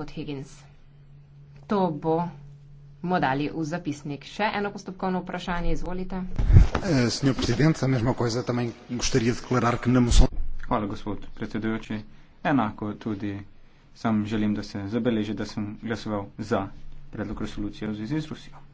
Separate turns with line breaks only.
gospod Higgins. To bo. Mo dali v zapisnik še eno postopkovno vprašanje, izvolite.
Eh, Senjor predsednik, sem že malo za tamen, gošterje deklarar, ki ne no moso. Hvala, gospod predsedujoči. Enako tudi sam želim, da se
zabeleži, da sem glasoval za predlog resolucije v zvezi z Rusijo.